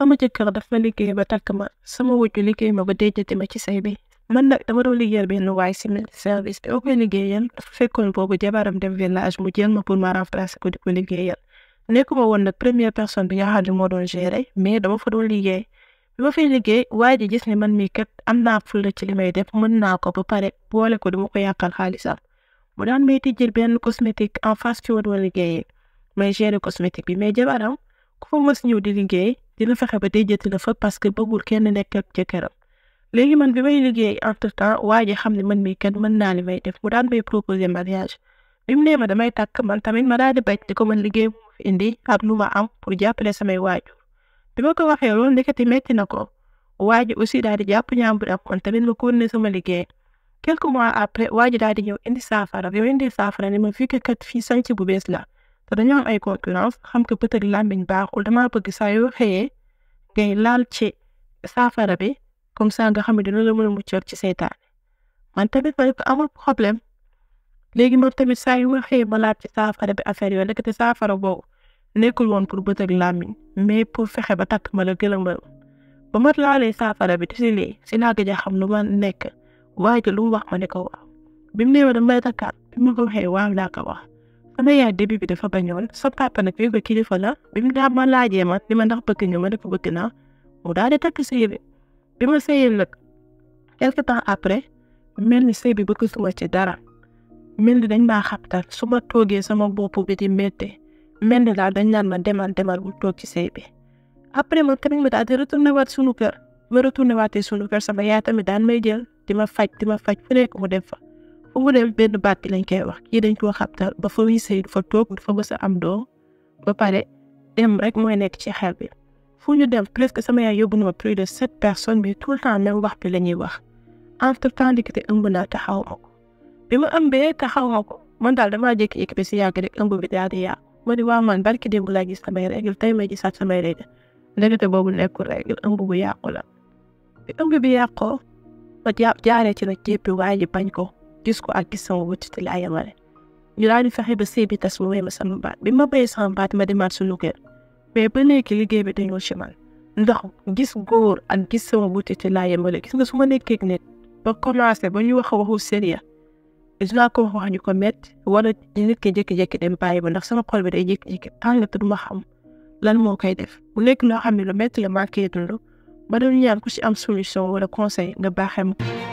sama jëkkër dafa liggéey ba takk ma sama wujju liggéey ma ba déjati ma ci say bi man nag dama doon liggéeyal benn waay si service bi boo koy liggéeyal dafa fekkoon boobu jabaram dem village mu jël ma pour ma remplacer ko di ko liggéeyal nekkuma woon nag première personne bi nga xam ne moo doon gérer mais dama fa doon liggéey bi ma fay liggéey waa ji gis ne man mii kat am naa fulla ci li may def mën naa ko ba pare boole ko dama ko yàqal xaalisam mu daan may tijjil benn cosmétique en face ci woon liggéeyee may gérer cosmétique bi mais jabaram ku fa mës ñëw di liggéey dina fexe ba déjati la fa parce que bëggul kenn nekk ak jëkkëram léegi man bi may liggéey entre temps waa ji xam ne man mii kenn mën naa li may def bu daan may proposé mariage bi mu ma damay takk man tamit ma daal di bañ di ko mën liggéey mu fi indi ak lu ma am pour jàppale samay waajur bi ma ko waxee loolu ndekete metti na ko waa ji aussi daal di jàpp ñaamburam kon tamit ma continuer sama liggéey quelques mois après waa ji daal di ñëw indi saafara bi indi saafara ne fi fii kat fii sanc bu bees la te dañoo am ay concurrence xam que peut-être làmmiñ baaxul damaa bëgg saa yoo xëyee ngay laal ci saafara bi comme ça nga xam ne dina la mën a ci seytaane man tamit ma ne ko amul problème léegi man tamit saa yu ma xëyee ma laal ci saafara bi affaire yooyu nekkati saafara boobu nekkul woon pour bët ak làmmiñ mais pour fexe ba takk ma la gën a mën ba ma laalee saafara bi si lii si laa gëj a xam lu ma nekk waaye lu mu wax ma ne ko waaw bi mu nee ma damay takkaat ko waxee waaw laa ko wax. sama yaay début bi dafa bañoon sa papa nag yooyu ko kilifa la bi mu daal ma laajee ma li ma ndax bëgg nga ma dafa bëgg naa mu daal di takk sëy bi bi ma sëyee ni sëy bi bëgg suma ci dara dañ maa xabtal su ma toogee sama bo bi di métti mel ni dañ naan ma demal demal bu toog ci sëy bi après man tamit ma daal di retourné waat sunu kër ma retourné waatee sunu kër sama yaay tamit daan may jël di faj di faj fu nekk mu dem fa. fu mu dem benn baat bi lañ koy wax kii dañ koo xabtal ba fa muy sëy du fa am doom ba pare dem rek mooy nekk ci xel bi fu ñu dem presque sama yaay yóbbu na ma plus de sept personnes mais tout le temps même wax bi la ñuy wax entre temps diggante ëmb naa taxaw ma ko bi ma ëmbee ko man daal damaa jékki-jékki si yàgg rek ëmb bi daal di yàqu ma di waa man barki démb laa gis samay règle tey ma gisaat samay règle ndekete boobu nekkul règle ëmb bu yàqu la bi ëmb bi yàqoo ci nag jéppi waa ji bañ ko dis ko ak gis sama wëcc te laa yemale ñu daal di fexe ba sëy bi tas mu wéy ma sama baat bi ma béy sama baat ma demaat suñu kër mais ba léegi liggéey bi dañoo chemal ndax gis góor ak gis sama wuute te laa yemale gis nga su ma nekkee ak nit ba commencé ñu ko wax wax ñu ko métti wala nit ki jékki-jékki dem bàyyi ba ndax sama xol bi day jékki-jékki tàng te lan moo koy def bu nekk loo xam ne lu métti la manqué dund ba doon ñaan ku ci nga baaxee